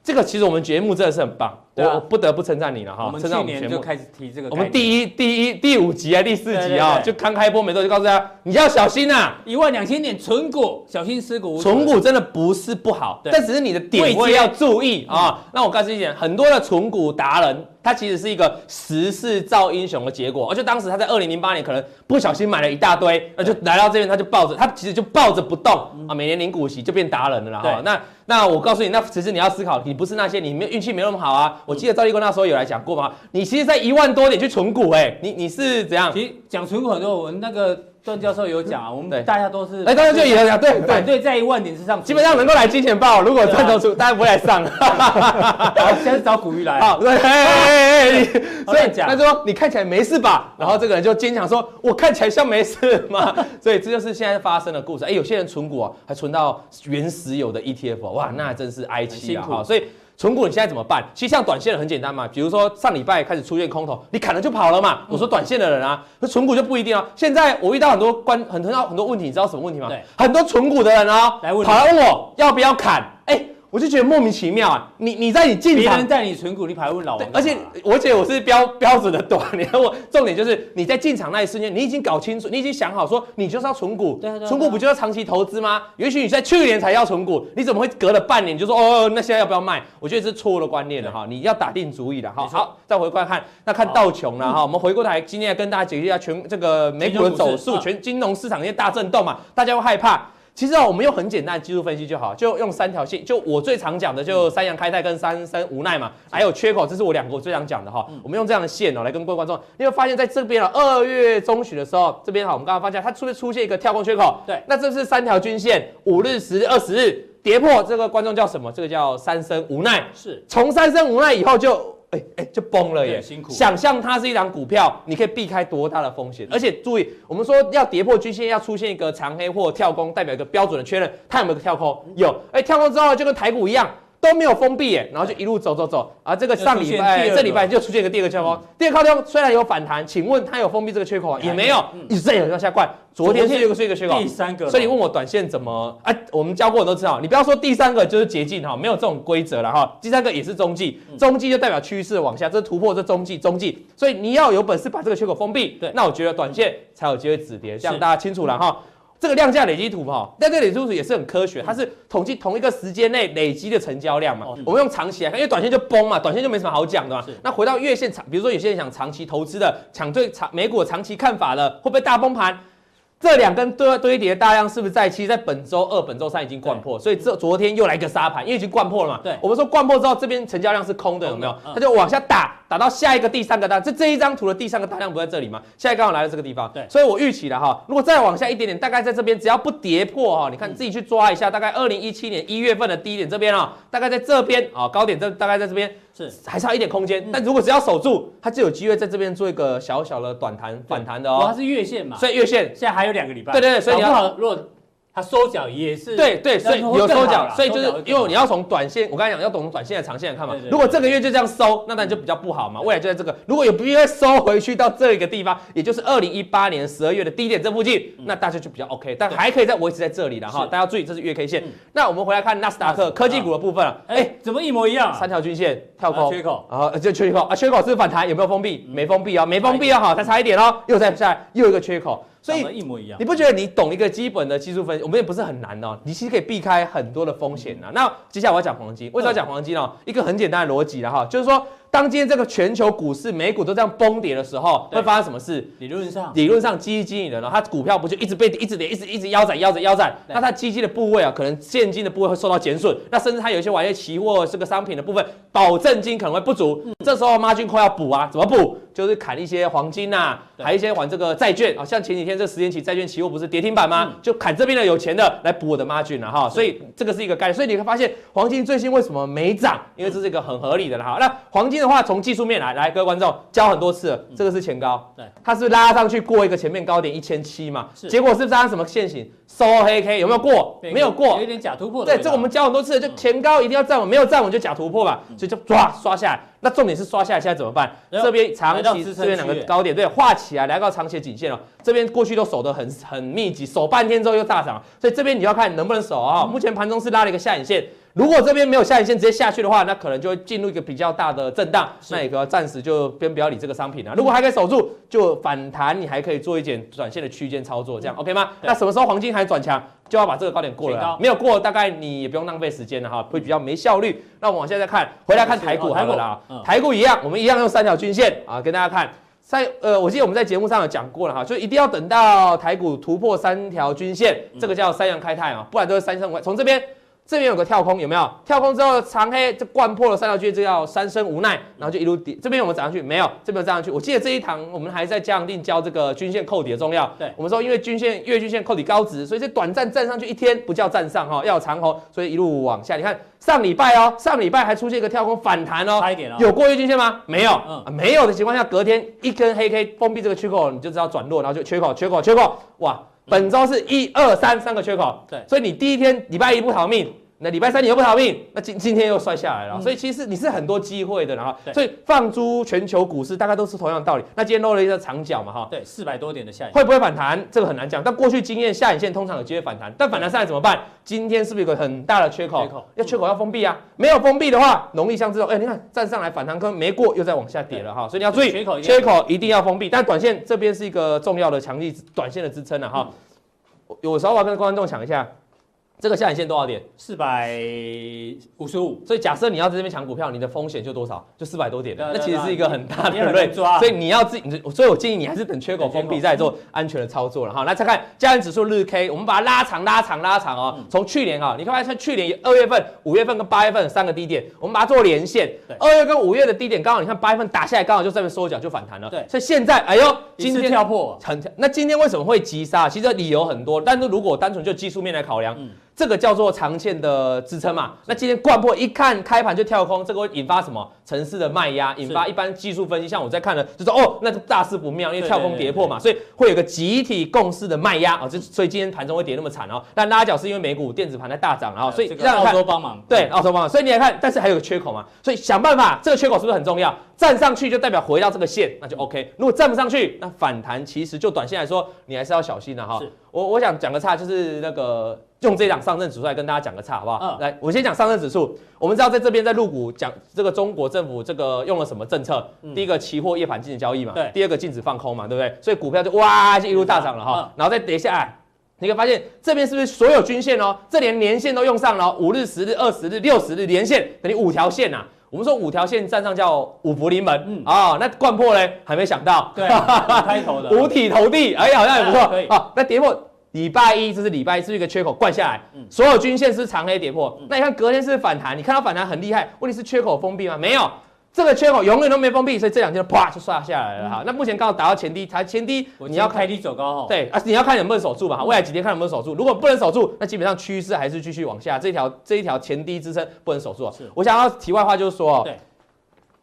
這個其實我們節目真的是很棒。我，我不得不稱讚你了哈！我們去年就開始提這個，我們第一、第一、第五集啊，第四集啊，對對對，就剛開播沒多久就告訴大家，你要小心吶、啊！一萬兩千點存股，小心失股。存股真的不是不好，對但只是你的點位要注意、欸、啊。那我告訴你一點，很多的存股達人，他其實是一個時勢造英雄的結果。而且當時他在二零零八年可能不小心買了一大堆，那就來到這邊，他就抱着，他其實就抱着不動啊，每年領股息就變達人了哈。對那那我告訴你，那其實你要思考，你不是那些，你沒運氣沒那麼好啊。我記得趙立功那時候有來講過嗎？你其實在一萬多點去存股，欸，哎，你你是怎樣？其實講存股很多，我們那個段教授有講啊，嗯，我們大家都是，哎，段教授也講，對對，所以在一萬點之上，基本上能夠來金錢爆，如果賺到錢，啊，大家不會來上。 好，現在找古玉來，好，對，哎哎哎，以這樣講，他說你看起來沒事吧？然後這個人就堅強說，我看起來像沒事嗎？所以這就是現在發生的故事。哎，欸，有些人存股，啊，還存到原油的 ETF，哇，那真是哀其，啊，辛苦，所以。存股你現在怎麼辦？其實像短線的很簡單嘛，比如說上禮拜開始出現空頭，你砍了就跑了嘛。我說短線的人啊，那存股就不一定啊。現在我遇到很多關很多很,很多問題，你知道什麼問題嗎？對很多存股的人啊、哦，來問，跑來問我要不要砍？哎。我就覺得莫名其妙啊！你你在你進場別人在你存股，你跑來問老王、啊？而且，而且我是標標準的短。你看我重點就是你在進場那一瞬間，你已經搞清楚，你已經想好說，你就是要存股，對對對對，存股不就是要長期投資嗎？也許你在去年才要存股，你怎麼會隔了半年你就說哦，那現在要不要賣？我覺得這是錯誤的觀念的、啊、哈！對 你要打定主意的哈。好，沒錯 好，再回過來看那看道瓊了哈。好 我們回過來今天來跟大家解析一下全這個美股的走勢，啊、全金融市場一些大震動嘛，大家會害怕。其實啊，我們用很簡單的技術分析就好，就用三條線，就我最常講的，就三陽開泰跟三生無奈嘛，還有缺口，這是我兩個我最常講的哈。我們用這樣的線哦來跟各位觀眾，你會發現，在這邊啊二月中旬的時候，這邊好，我們剛剛發現它出出現一個跳空缺口，對，那這是三條均線五日、十日、二十日跌破，這個觀眾叫什麼？這個叫三生無奈，是，從三生無奈以後就。哎誒、欸欸、就崩了耶！了想象，它是一檔股票，你可以避開多大的風險？嗯、而且注意，我們說要跌破均線，要出現一個長黑或跳空，代表一個標準的確認。它有沒有跳空？嗯、有。哎、欸，跳空之後就跟台股一樣。都沒有封閉耶，然後就一路走走走，而、啊、這個上禮拜、這禮拜就出現一個第二個缺口，嗯、第二個缺口雖然有反彈，請問它有封閉這個缺口啊？也沒有，是這樣，要下貫。昨天是又一個缺口，第三個，所以你問我短線怎麼？哎、啊，我們教過都知道，你不要說第三個就是竭盡哈，沒有這種規則了哈。第三個也是中繼，中繼就代表趨勢往下，這是突破，這是中繼，中繼，所以你要有本事把這個缺口封閉，對那我覺得短線才有機會止跌，這樣大家清楚了哈。是嗯這個量價累積圖哈，但這個累積圖也是很科學，它是統計同一個時間內累積的成交量嘛。我們用長期來看，因為短線就崩嘛，短線就沒什麼好講的嘛。是那回到月線長，比如說有些人想長期投資的，搶對長美股長期看法的，會不會大崩盤？這兩根堆堆疊大量是不是在七？其實在本周二、本周三已經灌破，對所以這昨天又來一個殺盤，因為已經灌破了嘛。對，我們說灌破之後，這邊成交量是空的，對有沒有？它就往下打，打到下一個第三個大量。這這一張圖的第三個大量不在這裡嗎？現在剛好來了這個地方。對，所以我預期了哈，如果再往下一點點，大概在這邊，只要不跌破哈，你看自己去抓一下，大概二零一七年一月份的低點這邊啊，大概在這邊啊，高點這大概在這邊。是，還差一點空間。嗯、但如果只要守住，它就有機會在這邊做一個小小的短彈反彈的哦、喔。它是月線嘛，所以月線現在還有兩個禮拜。對對對，所以你要好不好如果。它收腳也是對，對對，所以有收腳，所以就是因為你要從短線，我剛才講，要從短線的、長線來看嘛。如果這個月就這樣收，那當然就比較不好嘛。未來就在這個，如果有必須收回去到這一個地方，也就是二零一八年十二月的低點這附近，那大家就比較 OK。但還可以再維持在這裡的哈，對 大家注意這是月 K 線。是 嗯、那我們回來看納斯達克科技股的部分啊，誒、欸、怎麼一模一樣、啊？三條均線跳空、啊、缺口啊，這缺口啊，缺口是不是反彈，有沒有封閉、嗯哦？沒封閉啊、哦，沒封閉哦。好、哦，再差一點哦。又再下來，又一個缺口。所以你不覺得你懂一個基本的技術分析，我們也不是很難哦。你其實可以避開很多的風險的。那接下來我要講黃金，為什麼要講黃金呢？一個很簡單的邏輯的哈，就是說。當今天這個全球股市、美股都這樣崩跌的時候，會發生什麼事？理論上，理論上，基金經理人呢，它股票不就一直被一直跌，一直一直腰斬、腰斬、腰斬？那它基金的部位啊，可能現金的部位會受到減損。那甚至它有一些玩一些期貨、這個商品的部分，保證金可能會不足。這時候 margin 快要補啊，怎麼補？就是砍一些黃金吶、啊，還一些玩這個債券啊。像前幾天這十年期債券期貨不是跌停板嗎？就砍這邊的有錢的來補我的 margin 了、啊、哈。所以這個是一個概念。所以你會發現，黃金最新為什麼沒漲？因為這是一個很合理的了哈。那黃金。的話，從技術面來，來各位觀眾教很多次了，嗯、這個是前高，對，它是，是拉上去過一個前面高點一千七嘛，是結果是不是按什麼線型收黑 K，有沒有過？嗯、沒有過，有點假突破。對，這個、我們教很多次，就前高一定要站穩，沒有站穩就假突破嘛，嗯、所以就抓刷下來。那重點是刷下來，現在怎麼辦？呃、這邊長期這邊兩個高點，對，畫起來來到長期頸線了、哦。這邊過去都守得很很密集，守半天之後又大漲，所以這邊你要看能不能守啊、哦。嗯、目前盤中是拉了一個下影線。如果這邊沒有下影線直接下去的話，那可能就會進入一個比較大的震盪，是那也可以暫時就先不要理這個商品了、啊。嗯、如果還可以守住，就反彈你還可以做一點短線的區間操作，這樣、嗯、OK 嗎？對那什麼時候黃金還轉強，就要把這個高點過了、啊，高沒有過大概你也不用浪費時間了哈，會比較沒效率。那我們往下再看，回來看台股，還有啦，嗯、台股一樣，我們一樣用三條均線啊，跟大家看三呃，我記得我們在節目上有講過了哈，就一定要等到台股突破三條均線，嗯、這個叫三陽開泰啊，不然都是三五關，從這邊。這邊有個跳空，有沒有？跳空之後長黑，這灌破了三條均線，這叫三聲無奈，然後就一路跌。這邊有沒有漲上去？沒有，這邊有漲上去。我記得這一堂我們還在江寧教這個均線扣底的重要。對，我們說因為均線月均線扣底高值，所以這短暫站上去一天不叫站上哈，要有長紅，所以一路往下。你看上禮拜哦，上禮拜還出現一個跳空反彈哦，哦有過月均線嗎？沒有，嗯，嗯、啊，沒有的情況下，隔天一根黑 K 封閉這個缺口，你就知道轉弱，然後就缺口、缺口、缺口，口，哇！本週是一、嗯、二三三個缺口，對，所以你第一天禮拜一不逃命。那禮拜三你又不逃命，那今今天又摔下來了，嗯、所以其實你是很多機會的，然後，對所以放諸全球股市大概都是同樣的道理。那今天漏了一個長腳嘛，哈，對，四百多點的下影，會不會反彈？這個很難講。但過去經驗，下影線通常有機會反彈，對但反彈上來怎麼辦？今天是不是有一個很大的缺口？缺口要缺口要封閉啊，沒有封閉的話，容易像這種，哎、欸，你看站上來反彈坑沒過，又再往下跌了哈對，所以你要注意缺口，一定要封閉。封閉對但短線這邊是一個重要的強力短線的支撐了哈。有時候我要跟觀眾講一下。這個下影線多少點？四百五十五。所以假設你要在這邊搶股票，你的風險就多少？就四百多點。對對對對，那其實是一個很大的利潤，所以你要自己，所以，我建議你還是等缺口封閉再做安全的操作了哈。來、嗯、再看加權指數日 K，我們把它拉長、拉長、拉長哦，嗯、從去年哈、啊，你看，像去年二月份、五月份跟八月份三個低點，我們把它做連線。二對月跟五月的低點剛好，你看八月份打下來，剛好就在那邊縮腳就反彈了。對。所以現在，哎呦，今天跳破，很。那今天為什麼會急殺？其實理由很多，但是如果單純就技術面來考量，嗯這個叫做長線的支撐嘛，那今天灌破一看開盤就跳空，這個會引發什麼？城市的賣壓，引發一般技術分析。像我在看的就說，哦，那就大事不妙，因為跳空跌破嘛，對對對對對，所以會有個集體共識的賣壓啊、哦，就所以今天盤中會跌那麼慘哦。但拉腳是因為美股電子盤在大漲啊、哦，所以讓澳洲幫忙，嗯、對澳洲幫忙，所以你來看，但是還有個缺口嘛，所以想辦法這個缺口是不是很重要？站上去就代表回到這個線，那就 OK。如果站不上去，那反彈其實就短線來說，你還是要小心的、啊、哈。哦、是我我想講個岔就是那個。用這一檔上證指數來跟大家講個差好不好？嗯、來，我先講上證指數。我們知道在這邊在入股講這個中國政府這個用了什麼政策？嗯、第一個期貨夜盤禁止交易嘛，對。第二個禁止放空嘛，對不對？所以股票就哇就一路大漲了哈。嗯嗯、然後再跌下來、哎、你會發現這邊是不是所有均線哦？這連連線都用上了、哦，五日、十日、二十日、六十日連線，等於五條線吶、啊。我們說五條線站上叫五福臨門啊、嗯哦。那冠破嘞，還沒想到。對，開頭的 五體投地，嗯、哎呀，好像也不錯。啊、哦，那跌破。禮拜一，這是禮拜一，是一個缺口灌下來，所有均線是長黑跌破。那你看隔天是反彈，你看到反彈很厲害，問題是缺口封閉嗎？沒有，這個缺口永遠都沒封閉，所以這兩天啪就刷下來了哈。那目前剛好打到前低，才前低，你要開低走高哈、哦。對，啊，你要看能不能守住吧？未來幾天看能不能守住。如果不能守住，那基本上趨勢還是繼續往下。這條這一條前低支撐不能守住。是，我想要題外話就是說，對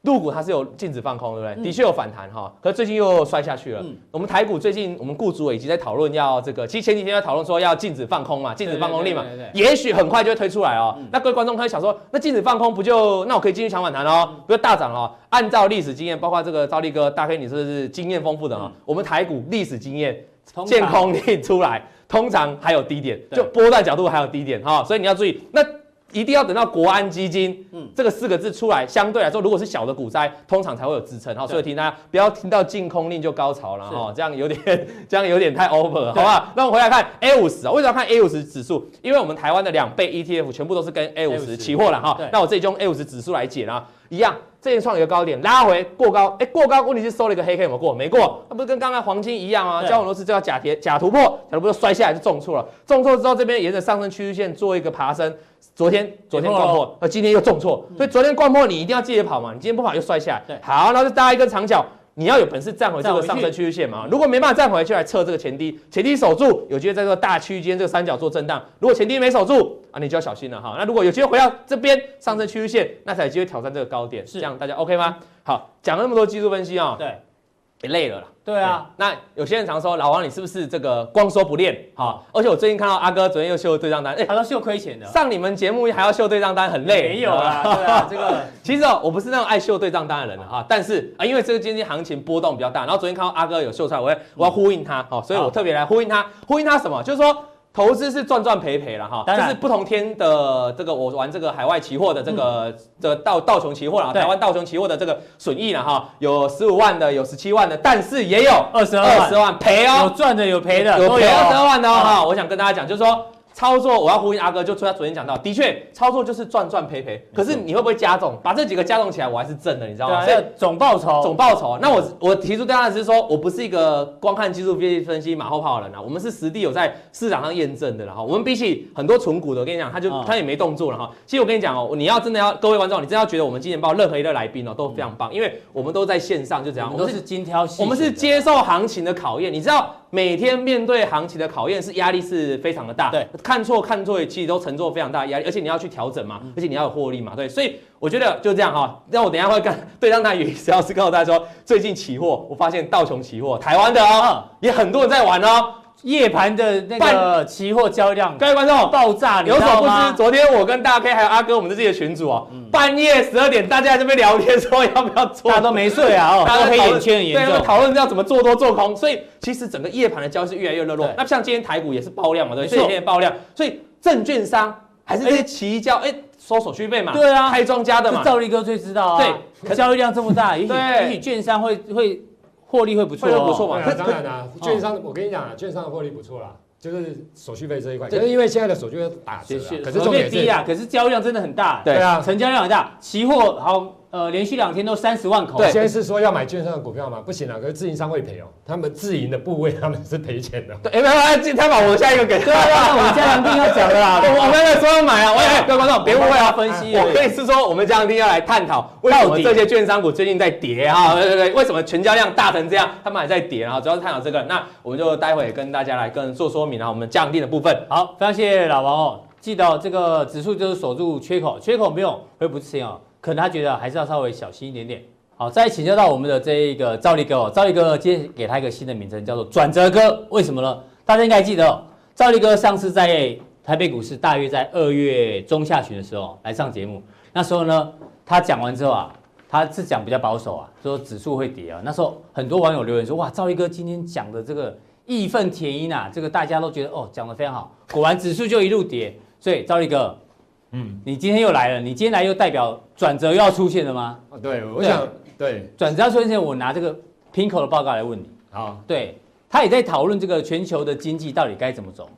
陸股它是有禁止放空，對不對？嗯、的確有反彈哈，可是最近又摔下去了。嗯、我們台股最近，我們雇主委已經在討論要這個，其實前幾天在討論說要禁止放空嘛，禁止放空令嘛，也許很快就會推出來哦。嗯、那各位觀眾可以想說，那禁止放空不就那我可以進去搶反彈哦，不就、嗯、大漲哦？按照歷史經驗，包括這個兆立哥、大黑，你是不是經驗豐富的啊、哦？嗯、我們台股歷史經驗禁通常 空令出來，通常還有低點，對 就波段角度還有低點哈，所以你要注意那。一定要等到國安基金、嗯、這個四個字出來，相對來說，如果是小的股災，通常才會有支撐。好對，所以提醒大家，不要聽到禁空令就高潮了哈是、哦，這樣有點，這樣有點太 over 了對好不好？那我們回來看 A 五十，為什麼要看 A 五十指數？因為我們台灣的兩倍 ETF 全部都是跟 A 五十期貨了哈。50, 那我這就用 A 五十指數來解啦，一樣。這邊創了一個高點，拉回過高，哎、欸，過高問題是收了一個黑 K，有沒有過？沒過，那、嗯、不是跟剛才黃金一樣嗎？對交紅螺絲就叫假跌假突破，假突破就摔下來就重挫了，重挫之後這邊沿着上升趨勢線做一個爬升。昨天昨天貫破，而、哦哦、今天又重挫，嗯、所以昨天貫破你一定要記得跑嘛，你今天不跑又摔下來。對，好，那就搭一根長腳。你要有本事站回這個上升趨勢線嘛？如果沒辦法站回，就來測這個前低，前低守住，有機會在這個大區間這個三角做震盪。如果前低沒守住啊，你就要小心了哈。那如果有機會回到這邊上升趨勢線，那才有機會挑戰這個高點。是這樣，大家 OK 嗎？好，講那麼多技術分析啊、哦。對。也累了啦。對啊、欸，那有些人常說，老王你是不是這個光說不練？好、嗯，而且我最近看到阿哥昨天又秀對賬單，誒他都秀虧錢的。上你們節目還要秀對賬單，很累。沒有啦對啊，對啊，這個 其實哦，我不是那種愛秀對賬單的人啊。但是啊，因為這個今天行情波動比較大，然後昨天看到阿哥有秀出來，我要呼應他，好、嗯，所以我特別來呼應他，好呼應他什麼？就是說。投資是賺賺賠賠了哈，但是不同天的這個我玩這個海外期貨的這個的道道瓊期貨啦，台灣道瓊期貨的這個損益了哈，有十五萬的，有十七萬的，但是也有二十二萬賠哦，有賺的有賠的，有賠二十二萬的哈，哦、我想跟大家講就是說。操作，我要呼應阿哥，就他昨天講到，的確操作就是賺賺賠賠，可是你會不會加總？把這幾個加總起來，我還是掙的，你知道嗎？這、啊、以總報酬，總報酬。嗯、那我我提出對大家是說，我不是一個光看技術分析、馬後炮的人、啊、我們是實地有在市場上驗證的，然後我們比起很多存股的，我跟你講，他就他也沒動作了哈。其實我跟你講哦、喔，你要真的要各位觀眾，你真的要覺得我們金錢爆任何一個來賓哦都非常棒，嗯、因為我們都在線上，就這樣，我們，我們是精挑細選，我們是接受行情的考驗，你知道。每天面對行情的考驗，是壓力是非常的大，對，看錯看錯，其實都承受非常大的壓力，而且你要去調整嘛，嗯、而且你要有獲利嘛，對，所以我覺得就這樣哈、哦，讓我等一下會跟對張大宇陳老師告訴大家說，最近期貨我發現道瓊期貨台灣的哦，也很多人在玩哦。夜盤的那個期貨交易量，各位觀眾爆炸，有所不知。昨天我跟大 K 還有阿哥，我們這些群主啊，半夜十二點大家在這邊聊天，說要不要做，大家都沒睡啊，大家都黑眼圈很嚴重，對，討論要怎麼做多做空。所以其實整個夜盤的交易是越來越熱絡。那像今天台股也是爆量嘛，對，這幾天爆量，所以證券商還是那些期交，哎，收手續費嘛，對啊，開莊家的嘛，兆立哥最知道啊。對，可交易量這麼大，也許也許券商會會。獲利會不錯，獲利不錯嘛？當然啦，券商我跟你講啊，券商的獲利不錯啦，就是手續費這一塊，可是對 因為現在的手續費打折，解確 可是低啊，可是交易量真的很大，對啊對，成交量很大，期貨好。呃，連續兩天都三十萬口。對，先是說要買券商的股票嘛，不行了，可是自營商會賠哦、喔，他們自營的部位他們是賠錢的。對，哎、欸，不、欸、要，今、欸、天、欸、把我下一個給。 對啊，我們加強錠要講的啦。 我們剛才說要買啊，各位觀眾別誤會啊，欸、分析是是。我可以、啊、是說，我們加強錠要來探討、啊、為什麼這些券商股最近在跌哈，對對對，為什麼成交量大成這樣，他們還在跌啊，啊主要是探討這個。那我們就待會跟大家來跟做說明啊，我們加強錠的部分。好，非常謝謝老王哦，記得這個指數就是守住缺口，缺口沒有會不行啊。可能他覺得還是要稍微小心一點點。好，再請教到我們的這個兆立哥、哦，兆立哥今天給他一個新的名稱，叫做轉折哥。為什麼呢？大家應該記得、哦，兆立哥上次在台北股市大約在二月中下旬的時候來上節目，那時候呢，他講完之後啊，他是講比較保守啊，說指數會跌啊。那時候很多網友留言說，哇，兆立哥今天講的這個義憤填膺啊，這個大家都覺得哦，講得非常好。果然指數就一路跌，所以兆立哥。嗯，你今天又來了，你今天來又代表轉折又要出現了嗎？哦，對，我想，對，轉折要出現，我拿這個 PIMCO 的報告來問你。好，對，他也在討論這個全球的經濟到底該怎麼走。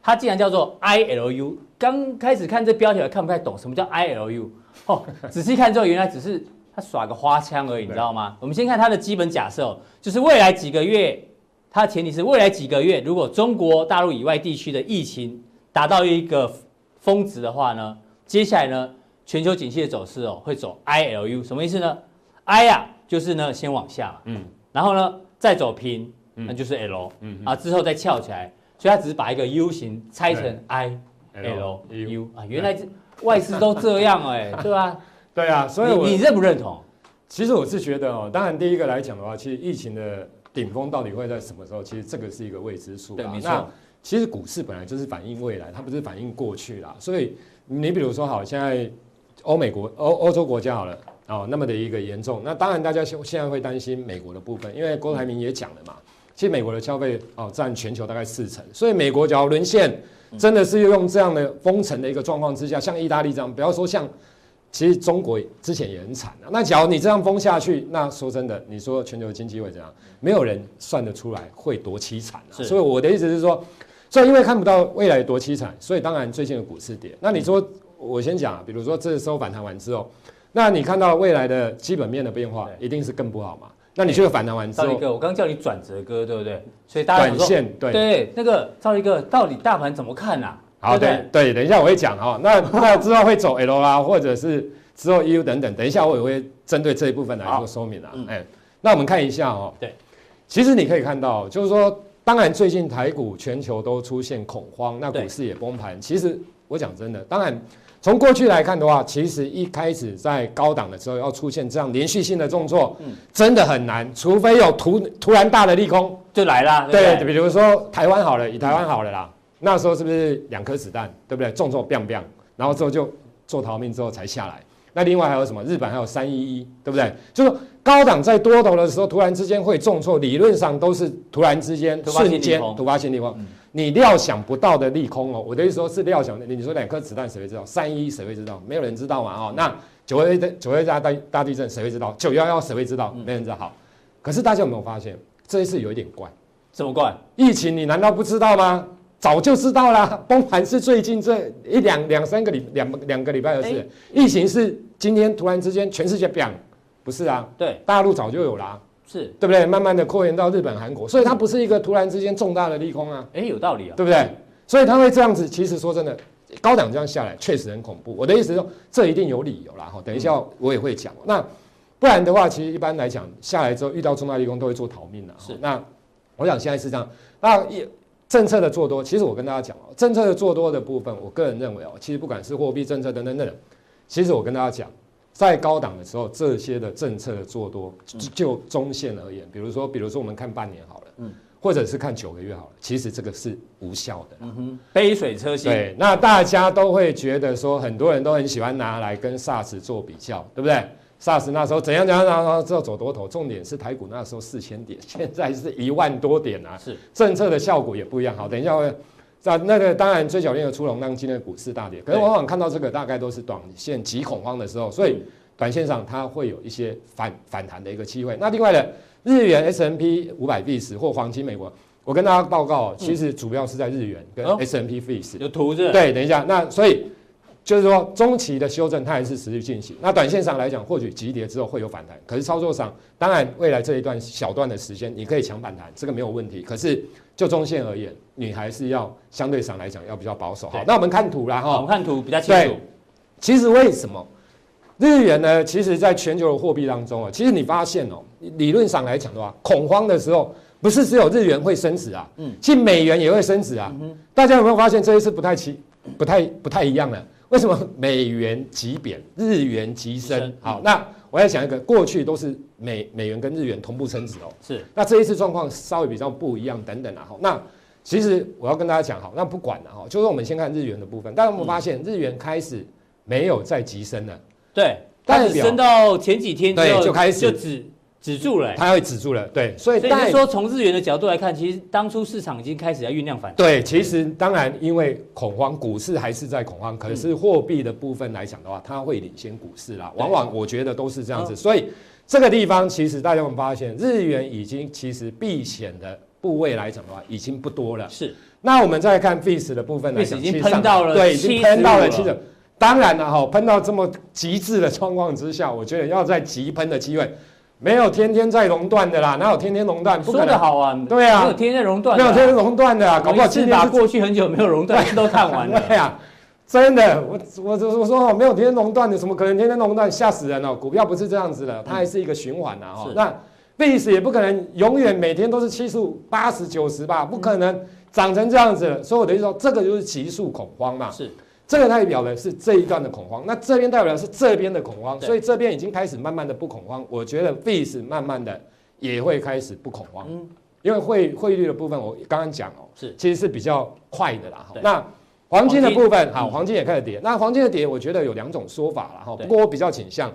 他竟然叫做 ILU，剛開始看這標題還看不太懂，什麼叫 ILU？哦，仔細看之後，原來只是他耍個花槍而已，你知道嗎？對我們先看他的基本假設，就是未來幾個月，它的前提是未來幾個月，如果中國大陸以外地區的疫情達到一個峰值的話呢，接下來呢，全球景氣的走勢哦，會走 I L U，什麼意思呢？I 啊，就是呢先往下，嗯，然後呢再走平，那就是 L，嗯啊，之後再翹起來，所以它只是把一個 U 型拆成 I L U 啊，原來這外資都這樣哎，對吧？對啊，所以你認不認同？其實我是覺得哦，當然第一個來講的話，其實疫情的頂峰到底會在什麼時候，其實這個是一個未知數。對，沒錯。其實股市本來就是反映未來，它不是反映過去啦。所以你比如說好，現在歐美國歐歐洲國家好了，哦，那麼的一個嚴重。那當然大家現現在會擔心美國的部分，因為郭台銘也講了嘛。其實美國的消費哦占全球大概四成，所以美國只要淪陷，真的是用這樣的封城的一個狀況之下，嗯、像意大利這樣，不要說像，其實中國之前也很慘、啊、那假如你這樣封下去，那說真的，你說全球經濟會怎樣？沒有人算得出來會多淒慘、啊、是所以我的意思是說。因為看不到未來有多淒慘，所以當然最近的股市跌。那你說，我先講啊，比如說這時候反彈完之後，那你看到未來的基本面的變化，一定是更不好嘛？那你就反彈完之後，兆立哥，我剛叫你轉折哥，對不對？所以大家短線對對那個兆立哥，到底大盤怎麼看吶、啊？好，對對,對,對，等一下我會講啊。那那之後會走 L 啦，或者是之後、e、U 等等。等一下我也會針對這一部分來做說明啊。哎、嗯欸，那我們看一下哦、喔。對，其實你可以看到，就是說。當然，最近台股全球都出現恐慌，那股市也崩盤。對其實我講真的，當然從過去來看的話，其實一開始在高檔的時候要出現這樣連續性的重挫，嗯、真的很難，除非有突突然大的利空就來了。對，對，對，比如說台灣好了，以台灣好了啦，嗯、那時候是不是兩顆子彈，對不對？重挫，biang biang，然後之後就做逃命之後才下來。那另外還有什麼？日本還有三一一，對不對？是就說。高檔在多頭的時候，突然之間會重挫，理論上都是突然之間瞬間突發性利空、嗯、利空。你料想不到的利空哦！我的意思說是料想，你說兩顆子彈誰會知道？三一誰會知道？沒有人知道嘛！哦，嗯、那九月的九月大大大地震誰會知道？九幺幺誰會知道？沒人知道。嗯、好，可是大家有沒有發現這一次有一點怪？怎麼怪？疫情你難道不知道嗎？早就知道了，崩盤是最近這一兩兩三個禮兩兩個禮拜的事。欸、疫情是今天突然之間全世界變。不是啊，對，大陸早就有了，是對不對？慢慢的擴延到日本、韓國，所以它不是一個突然之間重大的利空啊。誒，有道理啊，對不對？是所以它會這樣子。其實說真的，高檔這樣下來確實很恐怖。我的意思是說，這一定有理由啦。哈。等一下我也會講。嗯、那不然的話，其實一般來講，下來之後遇到重大利空都會做逃命的。是。那我想現在是這樣。那政策的做多，其實我跟大家講哦，政策的做多的部分，我個人認為哦，其實不管是貨幣政策等等等等，其實我跟大家講。在高檔的時候，這些的政策的做多，就中線而言，比如說，比如說我們看半年好了，或者是看九個月好了，其實這個是無效的，嗯哼，杯水車薪。對，那大家都會覺得說，很多人都很喜歡拿來跟 SARS 做比較，對不對？SARS 那時候怎樣怎樣拿，然後之後走多頭，重點是台股那時候四千點，現在是一萬多點啊，是政策的效果也不一樣。好，等一下。在、啊、那個當然，最繳那的出籠讓今天的股市大跌，可是往往看到這個大概都是短線極恐慌的時候，所以短線上它會有一些反反彈的一個機會。那另外的日元 S N P 五百 B 十或黃金美國，我跟大家報告，其實主要是在日元跟 S N P B 十、哦、有圖是，是？對，等一下，那所以。就是說，中期的修正它還是持續進行。那短線上來講，或許急跌之後會有反彈。可是操作上，當然未來這一段小段的時間，你可以搶反彈，這個沒有問題。可是就中線而言，你還是要相對上來講要比較保守。好，那我們看圖了哈。我們看圖比較清楚。對，其實為什麼日元呢？其實，在全球的貨幣當中啊，其實你發現哦、喔，理論上來講的話，恐慌的時候，不是只有日元會升值啊，嗯，其實美元也會升值啊。嗯、大家有沒有發現這一次不太奇、不太、不太一樣的？為什麼美元急貶，日元急升？急升嗯、好，那我要講一個，過去都是美美元跟日元同步升值哦。是，那這一次狀況稍微比較不一樣，等等啊，哈。那其實我要跟大家講，好，那不管了，哈，就是我們先看日元的部分。大家有沒有發現日元開始沒有再急升了、嗯，對，它只升到前幾天就就開始就只止住了、欸，它會止住了。對，所以所以說從日元的角度來看，其實當初市場已經開始要醞釀反彈。對，其實當然因為恐慌，股市還是在恐慌，可是貨幣的部分來講的話，它會領先股市啦。往往我覺得都是這樣子，所以這個地方其實大家會發現，日元已經其實避險的部位來講的話，已經不多了。是。那我們再看幣 s 的部分來講，已經噴到了。對，已經噴到了七。當然了哈，噴到這麼極致的狀況之下，我覺得要在急噴的機會。沒有天天在熔斷的啦，哪有天天熔斷？不可能，真的好啊，對啊，沒有天天熔斷，沒有天天熔斷的，天天斷的搞不好是把過去很久沒有熔斷、啊、都看完了呀、啊。真的，我我我說，我說沒有天天熔斷的，怎麼可能天天熔斷？嚇死人哦！股票不是這樣子的，它還是一個循環吶、啊哦。哈是，那歷史也不可能永遠每天都是七十五、八十、九十吧？不可能長成這樣子。所以我等於說，這個就是急速恐慌嘛。是。這個代表的是這一段的恐慌，那這邊代表的是這邊的恐慌，對所以這邊已經開始慢慢的不恐慌，我覺得 VIX 慢慢的也會開始不恐慌，嗯、因為匯匯率的部分我剛剛講哦，是其實是比較快的啦。對那黃金的部分金好，黃金也開始跌，嗯、那黃金的跌我覺得有兩種說法啦哈，對不過我比較傾向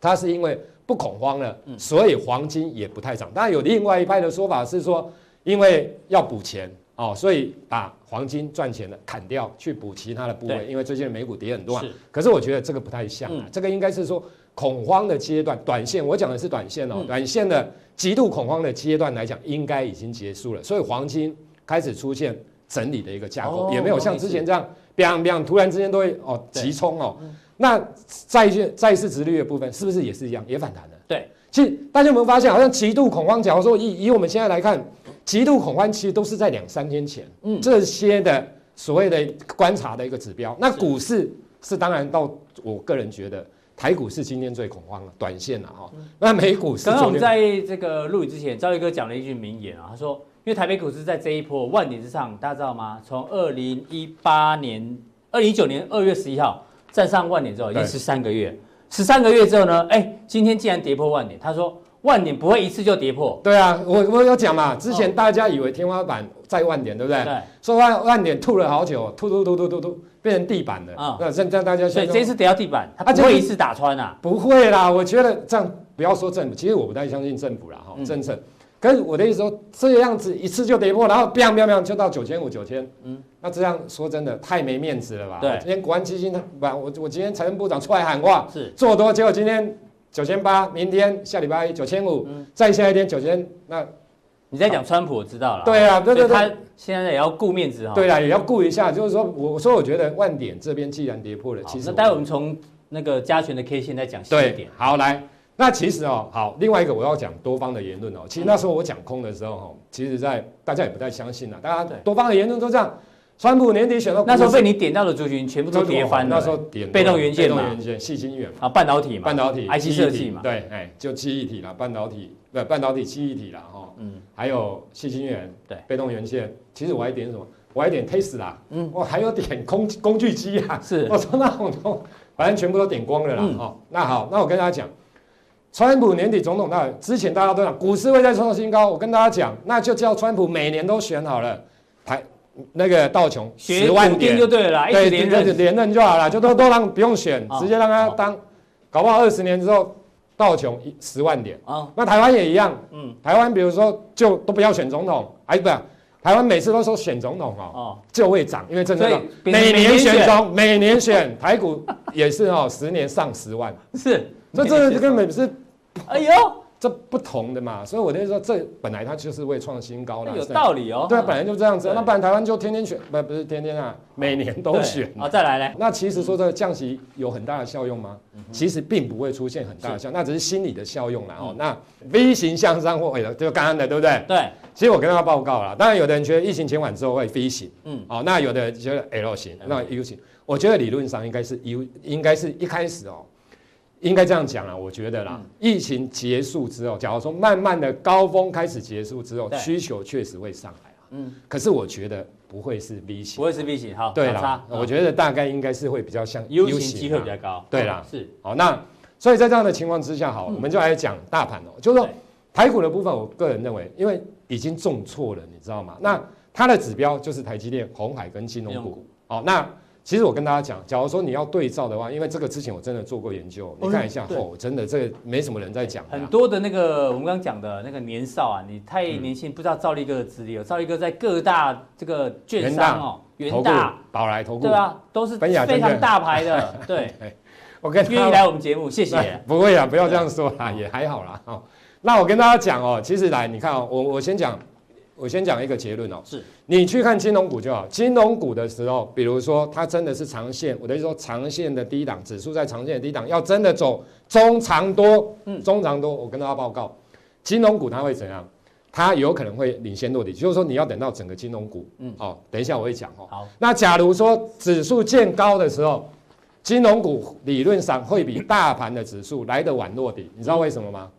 它是因為不恐慌了，嗯、所以黃金也不太漲，當然有另外一派的說法是說因為要補錢。哦，所以把黃金賺錢的砍掉，去補其他的部位，對因為最近的美股跌很多，是可是我覺得這個不太像，啊，嗯、這個應該是說恐慌的階段，短線我講的是短線哦，嗯、短線的極度恐慌的階段來講，應該已經結束了，所以黃金開始出現整理的一個架構，哦、也沒有像之前這樣兩兩是突然之間都會哦急衝哦。哦對那債券，債市殖利率的部分是不是也是一樣，也反彈的？對。其實大家有沒有發現，好像極度恐慌，假如說以以我們現在來看。極度恐慌其實都是在兩三天前，嗯，這些的所謂的觀察的一個指標。嗯、那股市是當然到我個人覺得台股市今天最恐慌了，短線了哈。那美股是我們在這個錄影之前，趙毅哥講了一句名言啊，他說：“因為台北股市在這一波萬點之上，大家知道嗎？從二零一八年二零一九年二月十一號站上萬點之後，已經十三個月，十三個月之後呢，哎，今天竟然跌破萬點。”他說。萬點不會一次就跌破，對啊，我我有講嘛，之前大家以為天花板在萬點，對不對？對。說萬萬點吐了好久，吐吐吐吐吐吐，變成地板了。啊、哦。那讓大家想。對，這次跌到地板，它就會一次打穿啊，啊。不會啦，我覺得這樣不要說政府，其實我不太相信政府啦。哈、喔，嗯、政策。可是我的意思說，這樣子一次就跌破，然後砰砰砰，就到九千五、九千，嗯，那這樣說真的太沒面子了吧？對今天國安基金把我我今天財政部長出來喊話是做多，結果今天。九千八，800, 明天下禮拜一九千五，再下一天九千。那，你在講川普我知道了。對好啊，對對,對他現在也要顧面子哈。對啊,對,對,對,對啊，也要顧一下，嗯、就是說，我所以我覺得萬點這邊既然跌破了，好其實待會我們從那個加權的 K 線再講細一點。對，好來，那其實哦，好，另外一個我要講多方的言論哦。其實那時候我講空的時候、哦，其實在大家也不太相信啊，大家多方的言論都這樣。川普年底選到，嗯，那時候被你點到的族群全部都跌翻了，欸。那時候點被動元件嘛，元件，矽晶圓啊，半導體嘛，半導體，IC 設計嘛，對，哎，欸，就記憶體啦，半導體不，半導體記憶體啦。哦，嗯，還有矽晶圓，對，被動元件。其實我還點什麼？我還點 TESLA 啦，嗯，我還有點工工具機呀，啊。是，我說那種，反正全部都點光了啦，哈，嗯。那好，那我跟大家講，川普年底總統大選，那之前大家都講股市會再創新高，我跟大家講，那就叫川普每年都選好了，排。那個道瓊十萬點就對了，對，連任連任就好了，就都都讓不用選，直接讓他當，搞不好二十年之後道瓊十萬點啊，那台灣也一樣，嗯，台灣比如說就都不要選總統，哎，不，台灣每次都說選總統哦，就會漲，因為真的每年選總統，每年選，台股也是哦，十年上十萬，是，這這根本不是，哎呦。這不同的嘛，所以我就是說，這本來它就是會創新高的，有道理哦。對啊，本來就這樣子。那本來台灣就天天選，不不是天天啊，每年都選啊。再來嘞，那其實說這降息有很大的效用嗎？其實並不會出現很大的效，那只是心理的效用啦哦。那 V 型向上或者就剛剛的對不對？對。其實我跟他報告了，當然有的人覺得疫情前緩之後會 V 型，嗯，哦，那有的人覺得 L 型，那 U 型，我覺得理論上應該是 U，應該是一開始哦。應該這樣講啦，我覺得啦，疫情結束之後，假如說慢慢的高峰開始結束之後，需求確實會上來嗯。可是我覺得不會是 V 型，不會是 V 型，哈，對啦，我覺得大概應該是會比較像 U 型，機會比較高。對啦，是。好，那所以在這樣的情況之下，好，我們就來講大盤哦，就是說，台股的部分，我個人認為，因為已經重挫了，你知道嗎？那它的指標就是台積電、鴻海跟金融股。好，那。其實我跟大家講，假如說你要對照的話，因為這個之前我真的做過研究，你看一下哦，哦，真的這個沒什麼人在講的、啊。很多的那個我們剛剛講的那個年少啊，你太年輕，嗯、不知道兆立哥的資歷哦。兆立哥在各大這個券商哦，元大、寶來、投顧，對吧、啊？都是非常大牌的。對，OK，願意來我們節目，謝謝。不，不會啊，不要這樣說啦，也還好啦。那我跟大家講哦，其實來你看哦，我我先講。我先講一個結論哦，是你去看金融股就好。金融股的時候，比如說它真的是長線，我的意思說長線的低檔指數在長線的低檔，要真的走中長多，嗯、中長多，我跟大家報告，金融股它會怎樣？它有可能會領先落底，就是說你要等到整個金融股，嗯，好、哦，等一下我會講哦。好，那假如說指數見高的時候，金融股理論上會比大盤的指數來得晚落底，你知道為什麼嗎？嗯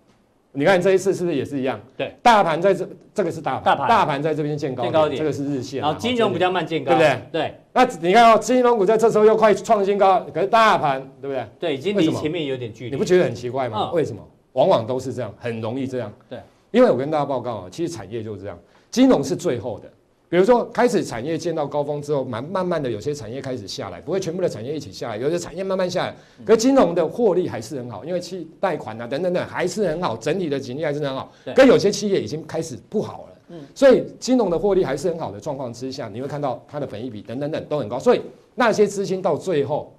你看這一次是不是也是一樣？對，大盤在這，這個是大盤，大盤，大盤在這邊見高，見高點，這個是日線啊。然後金融比較慢見高，對不對？對。對，那你看哦，金融股在這時候又快創新高，可是大盤，對不對？對，已經離前面有點距離。你不覺得很奇怪嗎？哦，為什麼？往往都是這樣，很容易這樣。對，因為我跟大家報告啊，其實產業就是這樣，金融是最後的。比如說，開始產業見到高峰之後，慢慢慢的有些產業開始下來，不會全部的產業一起下來，有些產業慢慢下來。可是金融的獲利還是很好，因為去貸款啊等等等,等還是很好，整體的景氣還是很好。跟對有些企業已經開始不好了。嗯、所以金融的獲利還是很好的狀況之下，你會看到它的本益比等等等都很高。所以那些資金到最後，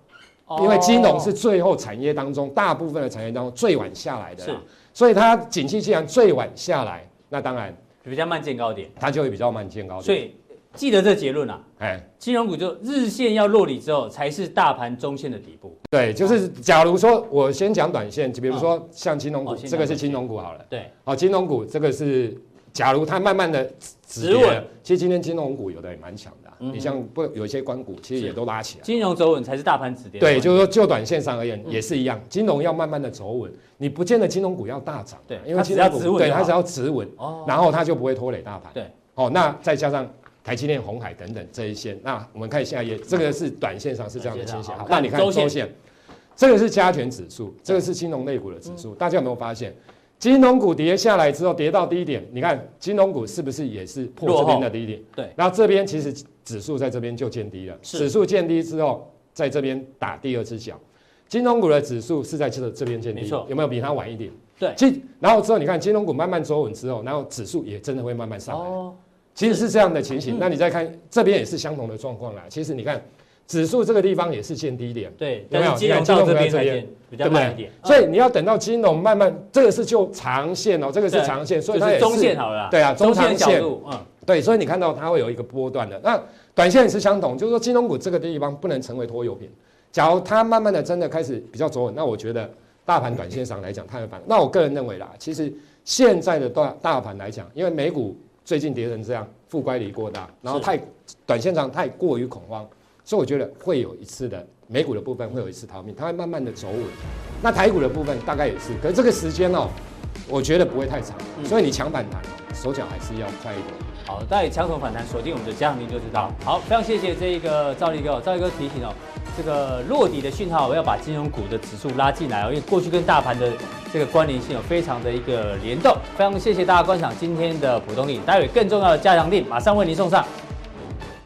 因為金融是最後產業當中、哦、大部分的產業當中最晚下來的。是所以它景氣既然最晚下來，那當然。比較慢見高點，它就會比較慢見高點。所以記得這結論啊，哎、欸，金融股就日線要落底之後，才是大盤中線的底部。對，就是假如說我先講短線，就比如說像金融股，哦、這個是金融股好了。對、哦，哦，金融股這個是，假如它慢慢的止跌，直問其實今天金融股有的也蠻強的。你、嗯、像不有一些關股，其實也都拉起來。金融走穩才是大盤止跌。對，就是說就短線上而言也是一樣，金融要慢慢的走穩，你不見得金融股要大漲。對，因為金融股對它只要止穩，然後它就不會拖累大盤。對，好、哦，那再加上台積電、鴻海等等這一些，那我們看一下也，也這個是短線上是這樣的情形。那你看周線,周線，這個是加權指數，對這個是金融類股的指數，嗯、大家有沒有發現？金融股跌下來之後，跌到低點，你看金融股是不是也是破這邊的低點？對。那這邊其實指數在這邊就見低了。指數見低之後，在這邊打第二隻腳，金融股的指數是在這這邊見低。有沒有比它晚一點？對。然後之後，你看金融股慢慢走穩之後，然後指數也真的會慢慢上來。哦。其實是這樣的情形。那你再看這邊也是相同的狀況啦。其實你看。指數這個地方也是見低點，對，基有沒有？金融到這邊這邊比較慢一點，吧嗯、所以你要等到金融慢慢，這個是就長線哦，這個是長線，對所以它也是，是中線好了啦，對啊，中長線。嗯，對，所以你看到它會有一個波段的。那短線也是相同，就是說金融股這個地方不能成為拖油瓶。假如它慢慢的真的開始比較走穩，那我覺得大盤短線上來講它會反。那我個人認為啦，其實現在的大大盤來講，因為美股最近跌成這樣，負乖離過大，然後太是短線上太過於恐慌。所以我覺得會有一次的美股的部分會有一次逃命，它會慢慢的走穩。那台股的部分大概也是，可是這個時間哦、喔，我覺得不會太長。嗯、所以你搶反彈、喔、手腳還是要快一點。好，待會搶手反彈鎖定我們的加強錠就知道。好，好，非常謝謝這個兆立哥，兆立哥提醒哦、喔，這個落底的訊號，我要把金融股的指數拉進來哦、喔，因為過去跟大盤的這個關聯性有非常的一個聯動。非常謝謝大家觀賞今天的普通錠，待會更重要的加強錠馬上為您送上。